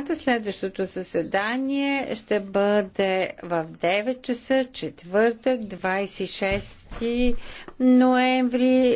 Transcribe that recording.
дебата. Следващото заседание ще бъде в 9 часа, четвъртък, 26 ноември.